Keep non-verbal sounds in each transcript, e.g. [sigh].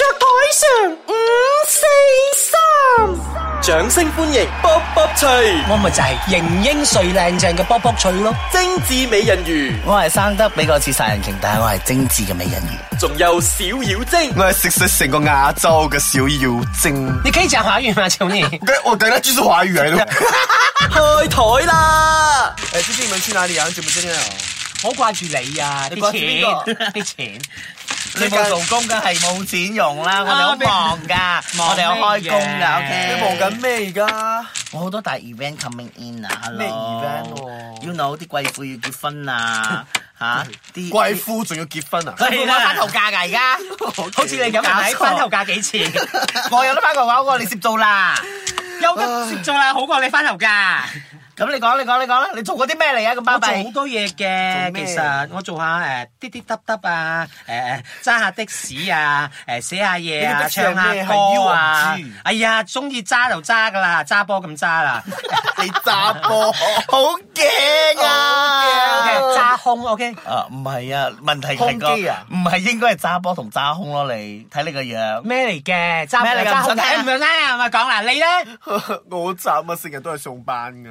在台上五四三，掌聲歡迎卜卜脆。我咪就係英英帥靚仔嘅卜卜脆咯，精致美人魚，我係生得比較似殺人鯨，但係我係精致嘅美人魚，仲有小妖精，我係食食成個亞洲嘅小妖精。你可以講華語嗎？求我我嗰兩句係華語嚟嘅。開台啦！誒，最近你們去哪裡啊？做乜嘢啊？好掛住你啊！你啲錢，啲錢。你冇做工梗係冇錢用啦，我哋好忙噶，我哋有開工噶，O K。你忙緊咩而家？我好多大 event coming in 啊，咩 event？You know 啲貴婦要結婚啊，吓？啲貴婦仲要結婚啊？佢要翻頭嫁噶而家，好似你咁睇翻頭嫁幾次？我有得翻頭話喎，你接做啦，有得接做啦，好過你翻頭嫁。咁你講你講你講啦！你做過啲咩嚟啊？咁，我做好多嘢嘅。其實我做下誒滴滴嗒嗒啊，誒揸下的士啊，誒寫下嘢啊，唱下歌啊。哎呀，中意揸就揸噶啦，揸波咁揸啦。你揸波好勁啊！揸胸 OK 啊？唔係啊，問題係個唔係應該係揸波同揸胸咯？你睇你個樣咩嚟嘅？揸波揸睇唔上眼啊！咪講啦，你咧？我好慘啊，成日都係上班噶。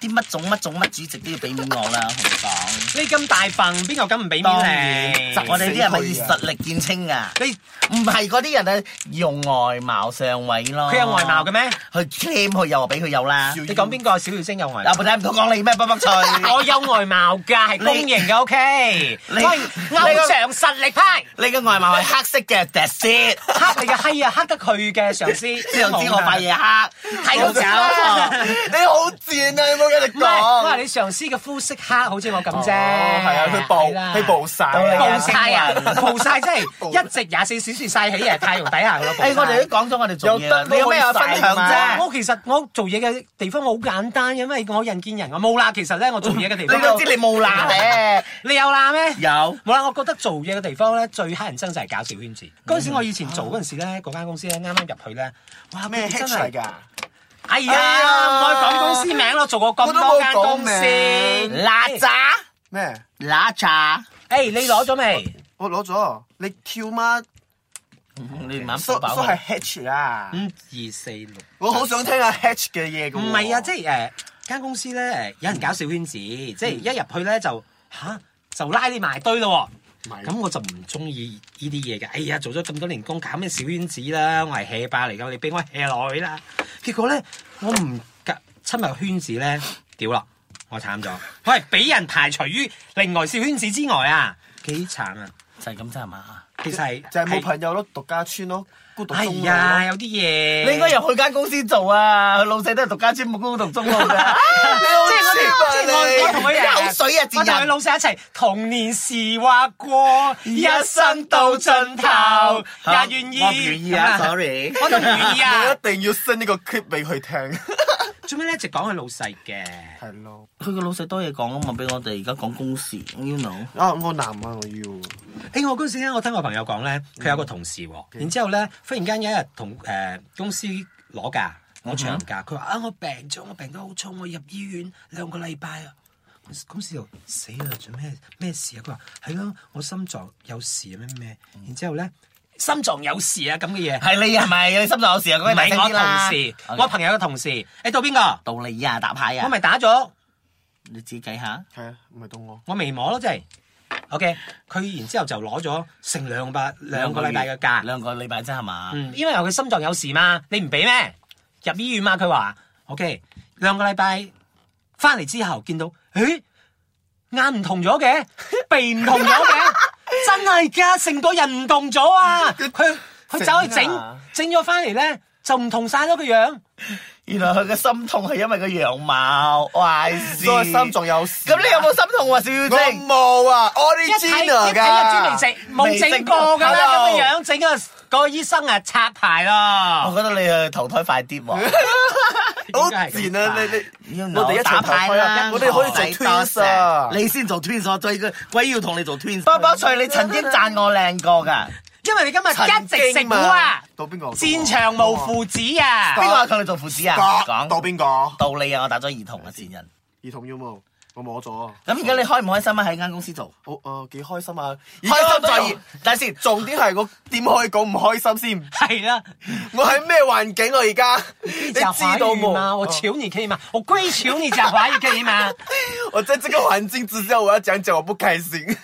啲乜總乜總乜主席都要俾面我啦，同你講你咁大份，邊個敢唔俾面？我哋啲人係以實力見稱噶？你唔係嗰啲人咧，用外貌上位咯。佢有外貌嘅咩？佢 claim 佢有，又俾佢有啦。你講邊個？小魚星有外？啊，部睇唔到，講你咩？卜卜脆。我有外貌噶，係公營噶，OK。你偶像實力派，你嘅外貌係黑色嘅，dark，黑你嘅梯啊，黑得佢嘅上司。你又知我扮嘢黑？梯佬走，你好賤啊！唔係，你上司嘅膚色黑，好似我咁啫。係啊，佢暴，佢暴晒？暴晒啊！暴晒即係一直廿四小時晒起，日太陽底下我、欸。我哋都講咗，我哋做嘢，你有咩分享啫？我、啊、其實我做嘢嘅地方好簡單，因為我人見人，我冇啦。其實咧，我做嘢嘅地方，你都知你冇攬咩？你，你， [laughs] 你有攬咩？有。冇啦！我覺得做嘢嘅地方咧，最乞人憎就係搞小圈子。嗰陣、嗯、時我以前做嗰陣時咧，嗰間公司咧，啱啱入去咧，哇！咩黑嚟㗎？係呀,唔好講公司名囉,做過咁多間公司,呃,你攞咗未?我攞咗,你跳乜?,呃,都係 H 啦,五二四六,呃,我好想聽下 H 嘅嘢,呃,唔係呀,即係呢間公司呢,有人搞小圈子,即係一入去呢,就,吓,就拉你埋堆囉咁我就唔中意呢啲嘢嘅。哎呀，做咗咁多年工，搞咩小圈子啦？我係蝦霸嚟噶，你俾我蝦落去啦。結果呢，我唔急，侵入圈子呢， [laughs] 屌啦，我慘咗。係俾 [laughs] 人排除於另外小圈子之外啊，幾慘啊！就係咁啫嘛。其實就係冇朋友咯，獨家村咯，孤獨中啊，有啲嘢，你應該入佢間公司做啊！佢老細都係獨家村，冇孤獨中路噶。即係我之前我同佢人，我同佢老細一齊童年時話過，一生到盡頭，人願意，我唔願意啊！Sorry，我唔願意啊！我一定要 send 呢個 clip 俾佢聽。做咩咧？一直講佢老細嘅。係咯，佢個老細多嘢講啊嘛，俾我哋而家講公事。You know 要男啊，我男啊，我要。誒，我嗰時咧，我聽我朋友講咧，佢有個同事，然之後咧，忽然間有一日同誒公司攞假，攞長假，佢話啊，我病咗，我病得好重，我入醫院兩個禮拜啊。公司又死啦，做咩咩事啊？佢話係咯，我心臟有事啊咩咩。然之後咧，心臟有事啊咁嘅嘢。係你係咪？你心臟有事啊？唔係我同事，我朋友嘅同事。誒，到邊個？到你啊，打牌啊！我咪打咗。你自己計下。係啊，唔係到我。我微摸咯，即係。O K，佢然之後就攞咗成兩百兩個禮拜嘅假，兩個禮拜啫係嘛？吧嗯、因為佢心臟有事嘛，你唔俾咩入醫院嘛？佢話 O K，兩個禮拜翻嚟之後見到，咦，眼唔同咗嘅，鼻唔同咗嘅， [laughs] 真係噶，成個人唔同咗啊！佢佢走去整，整咗翻嚟咧就唔同晒咗個樣。原來佢嘅心痛係因為個樣貌，我心仲有事。咁你有冇心痛啊？少少，冇啊，我哋知啊，整個專嚟整，冇整過噶啦，咁嘅樣整啊，嗰個醫生啊拆牌咯。我覺得你啊，投胎快啲喎、啊，好賤 [laughs] 啊， [laughs] 啊！你你，You know, 我哋一拆牌啊！國我哋可以做 twins 啊！ 你先做 twins r 最鬼要同你做 twins 包包菜，你曾經讚我靚過噶。 [laughs] 因為你今日秦京 一直食糊啊，到啊戰場無父子啊，邊個話叫你做父子啊？講到邊個？說到，啊、到你啊！我打咗二筒啊，賤等人，二筒有冇？摸咗啊！咁而家你開唔開心啊？喺間公司做，好啊，幾開心啊！開心在但係先。重點係我點可以講唔開心先？係啦，我喺咩環境我而家？你講華語嗎？我求你可以嗎？我跪求你講華語可以嗎？我在這個環境之下，我要講講我不開心。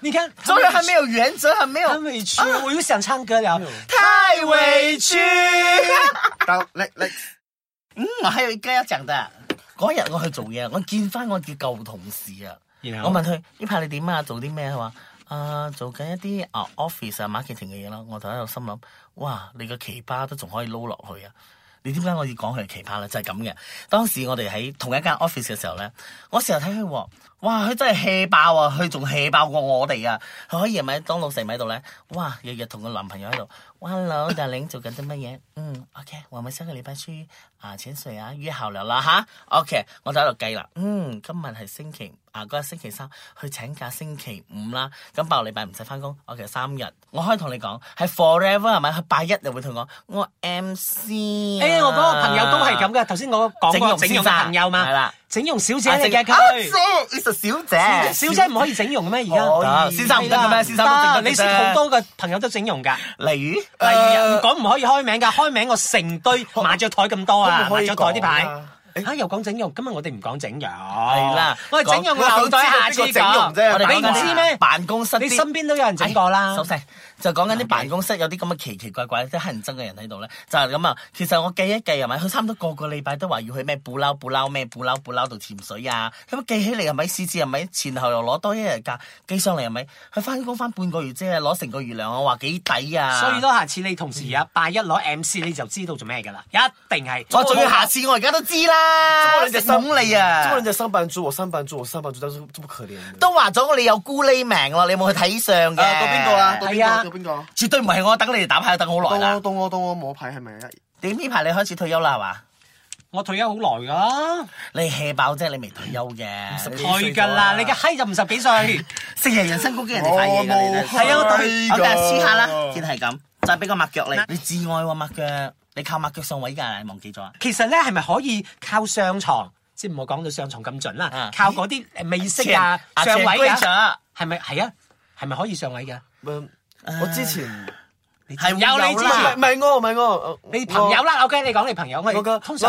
你看，做人還沒有原則，很沒有，很委屈。我又想唱歌了，太委屈。到，你，你！嗯，我還有一個要講的。嗰日我去做嘢，我見翻我啲舊同事啊，然後、呃呃、office, 啊，我問佢呢排你點啊，做啲咩？佢話：啊，做緊一啲啊 office 啊 marketing 嘅嘢咯。我就喺度心諗，哇，你個奇葩都仲可以撈落去啊！你點解我要講佢係奇葩咧？就係咁嘅。當時我哋喺同一間 office 嘅時候咧，我成日睇佢喎。哇！佢真係 hea 爆啊！佢仲 hea 爆過我哋啊！佢可以咪當老師喺度咧，哇！日日同個男朋友喺度。Hello，大嶺做緊啲乜嘢？嗯，OK，我咪上個禮拜先啊，請誰啊約後日啦吓。OK，我就喺度計啦。嗯，今日係星期啊，嗰日星期三去請假，星期五啦。咁拜個禮拜唔使翻工，OK，三日。我可以同你講係 forever 係咪？佢拜一又會同我，我 MC。哎呀，我嗰個朋友都係咁噶，頭先我講個整容朋友嘛。整容小姐嚟嘅佢，做是小姐，小姐唔可以整容嘅咩？而家先生，係咪先生？你識好多嘅朋友都整容噶，例如，例如唔講唔可以開名噶，開名我成堆麻雀台咁多啊，麻雀台啲牌，吓又講整容，今日我哋唔講整容啦，我係整容嘅老在下知講，我哋邊個知咩？辦公室，你身邊都有人整過啦，首席。就講緊啲辦公室有啲咁嘅奇奇怪怪、啲乞人憎嘅人喺度咧，就係咁啊！其實我計一計，係咪佢差唔多個個禮拜都話要去咩布嬲布嬲咩布嬲布嬲度潛水啊？咁計起嚟係咪試試？係咪前後又攞多一日假？計上嚟係咪？佢翻工翻半個月啫，攞成個月糧，我話幾抵啊！所以咯，下次你同事啊，拜一攞 M C，你就知道做咩㗎啦！一定係我仲、哦、要下次，我而家都知啦！祝你隻手你啊！祝你隻手笨豬，我笨豬，我笨豬，真係真不可憐。都話咗你有孤零命咯，你有冇去睇相㗎？到邊個到邊個到邊個啊？係啊！絕對唔係，我，等你哋打牌等好耐啦。到我到我摸牌係咪？點呢排你開始退休啦？係嘛？我退休好耐噶。你 hea 爆啫，你未退休嘅。五十幾歲。退緊啦，你嘅閪就唔十幾歲。成日人身攻擊，人哋快嘢嚟嘅。係啊，我第日試下啦。先係咁，再俾個抹腳你。你至愛喎抹腳，你靠抹腳上位噶，忘記咗。其實咧係咪可以靠上床？即係唔好講到上床咁準啦。靠嗰啲美色啊，上位啊。係咪係啊？係咪可以上位嘅？我之前係有你之前，唔係我，唔係我。你朋友啦，OK，你講你朋友。我嘅我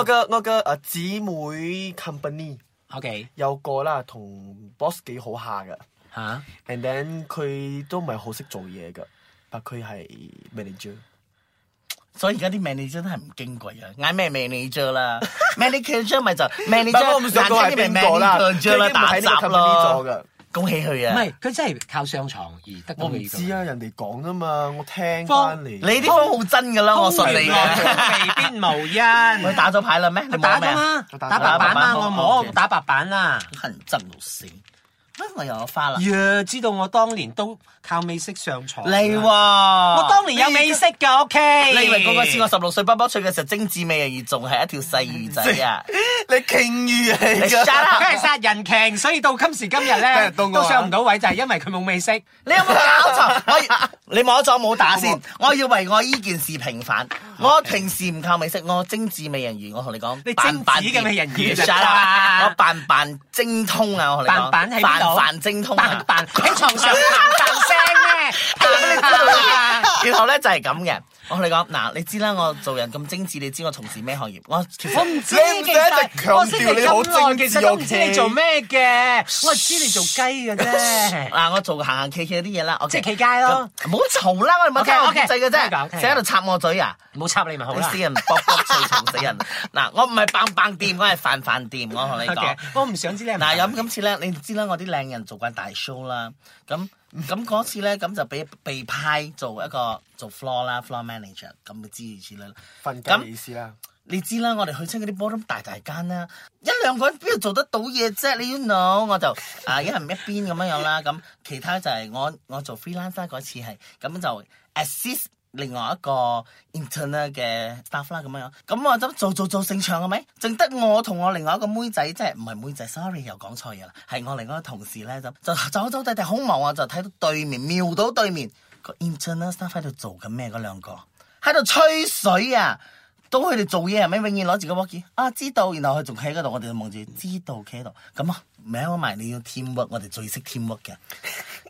嘅我嘅啊姊妹 company，OK，有個啦，同 boss 幾好下噶。吓，and then 佢都唔係好識做嘢噶，但佢係 manager。所以而家啲 manager 真係唔矜貴啊！嗌咩 manager 啦，manager 咪就 manager，眼見啲名 manager 啦。打雜啦。恭喜佢啊！唔係佢真係靠上床而得個我唔知啊，人哋講啫嘛，我聽翻嚟。你啲風好真㗎啦，放我信你啊。未必無因。你打咗牌啦咩？你打咗嗎？打白板啊！我冇，打白板啦、啊。痕真到死！乜、啊、我有我花啦？呀，yeah, 知道我當年都靠美式上床。你喎喲，我當年有美式噶，O K。okay 你以為嗰陣時我十六歲卜卜脆嘅時候，精致美人魚仲係一條細魚仔啊、嗯？你鯨魚嚟咗，梗係殺人鯨，所以到今時今日咧，我都上唔到位就係、是、因為佢冇美式。你有冇搞錯？ [laughs] 你摸咗冇打先，我要為我依件事平反。我平時唔靠美食，我精致美人魚。我同你講，你扮扮嘅美人魚我扮扮精通啊！我同你講，扮扮喺扮扮精通，扮扮喺床上，扮扮聲。 [laughs] 然後咧就係咁嘅，我同你講，嗱，你知啦，我做人咁精致，你知我從事咩行業？我我唔知，你唔想一直強調你好精致用詞？我知你做咩嘅？我知你做雞嘅啫。嗱，我做行行企企啲嘢啦，即係企街咯，唔好嘈啦，我唔聽我控制嘅啫，成日喺度插我嘴啊，冇插你咪好啦，黐人卜卜碎嘈死人。嗱，我唔係棒棒掂，我係飯飯掂。我同你講，我唔想知你。嗱，咁今次咧，你知啦，我啲靚人做慣大 show 啦，咁。咁嗰 [laughs] 次咧，咁就俾被，被派做一個做 floor 啦，floor manager，咁就知如此類啦，瞓覺嘅意思啦那。 [laughs] 你知啦，我哋去親嗰啲 ballroom 大大間啦，一兩個人邊度做得到嘢啫？你要 know 我就啊一人一邊咁樣樣啦，咁其他就係我我做 freelancer 嗰次係，咁就 assist。另外一個 intern 嘅 staff 啦，咁樣樣，咁我就做做做正常嘅咪，淨得我同我另外一個妹仔，即係唔係妹仔，sorry 又講錯嘢啦，係我另外一個同事咧，就就走走地地好忙啊，就睇到對面，瞄到對面個 intern staff 喺度做緊咩，嗰兩個喺度吹水啊，當佢哋做嘢係咪，永遠攞住個 walk 啊知道，然後佢仲喺度，我哋就望住知道企喺度，咁啊，咪開埋你要 teamwork，我哋最識 teamwork 嘅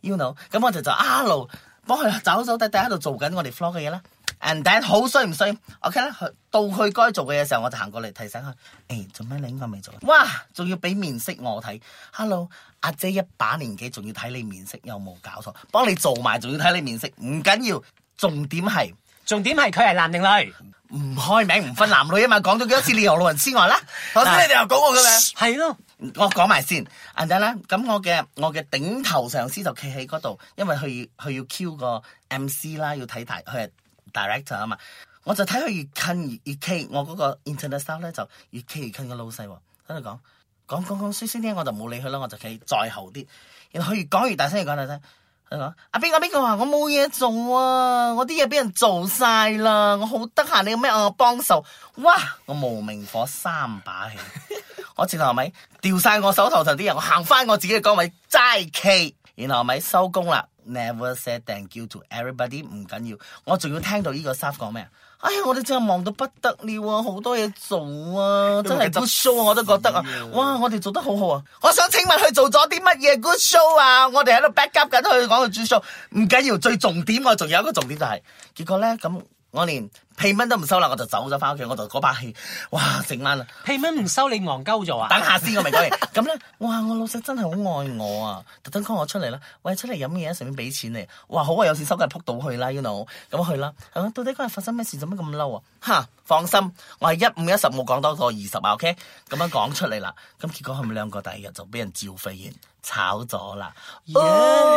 ，you know，咁我就就 hello 幫佢走走睇睇喺度做緊我哋 floor 嘅嘢啦，and then 好衰唔衰？OK 啦，到佢該做嘅嘢時候，我就行過嚟提醒佢：誒、欸，做咩你應該未做？哇，仲要俾面色我睇。Hello，阿姐一把年紀，仲要睇你面色有冇搞錯？幫你做埋，仲要睇你面色，唔緊要係。重點係，重點係佢係男定女？唔開名唔分男女啊嘛，講咗幾多次你我路人之外啦，頭先你哋又講我個名？係咯但。我講埋先，等等啦。咁我嘅我嘅頂頭上司就企喺嗰度，因為佢佢要 Q 個 MC 啦，要睇大佢係 director 啊嘛。我就睇佢越近越越企，我嗰個 interior 咧就越企越近個老細喺度講講講講，先聲咧我就冇理佢啦，我就企在後啲。然後佢越講越大聲，越講大聲。佢話：阿邊個邊個話我冇嘢做啊！我啲嘢俾人做晒啦，我好得閒，你有咩我幫手？哇！我無名火三把起。 [laughs] 我前後咪掉晒我手頭上啲人，我行翻我自己嘅崗位齋企，然後咪收工啦。Never say thank you to everybody，唔緊要。我仲要聽到呢個 staff 講咩啊？哎呀，我哋真係忙到不得了啊，好多嘢做啊，真係 good show 啊，我都覺得啊，了哇，我哋做得好好啊！我想請問佢做咗啲乜嘢 good show 啊？我哋喺度 back up 緊佢講嘅 good show，唔緊要，最重點我仲有一個重點就係、是，結果咧咁我連。屁蚊都唔收啦，我就走咗翻屋企，我就嗰把氣，哇，整晚啦，屁蚊唔收你戇鳩咗啊！等下先我明講完，咁咧， [laughs] 哇，我老細真係好愛我啊，特登 call 我出嚟啦，喂，出嚟飲嘢啊，順便俾錢你，哇，好啊，我有錢收梗係撲到去啦，you know，咁去啦，係咯，到底嗰日發生咩事，做乜咁嬲啊？吓，放心，我係一五一十冇講多過二十啊，OK，咁樣講出嚟啦，咁結果係咪兩個第二日就俾人照肺完？炒咗啦！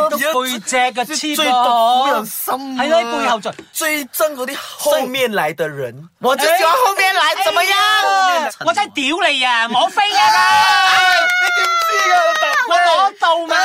最背脊嘅刺，最毒人心，喺你背後做，最憎嗰啲後面嚟嘅人。我在講後面嚟，怎麼樣？我真係屌你啊！我飛啊啦！你點知啊？我攞到咩？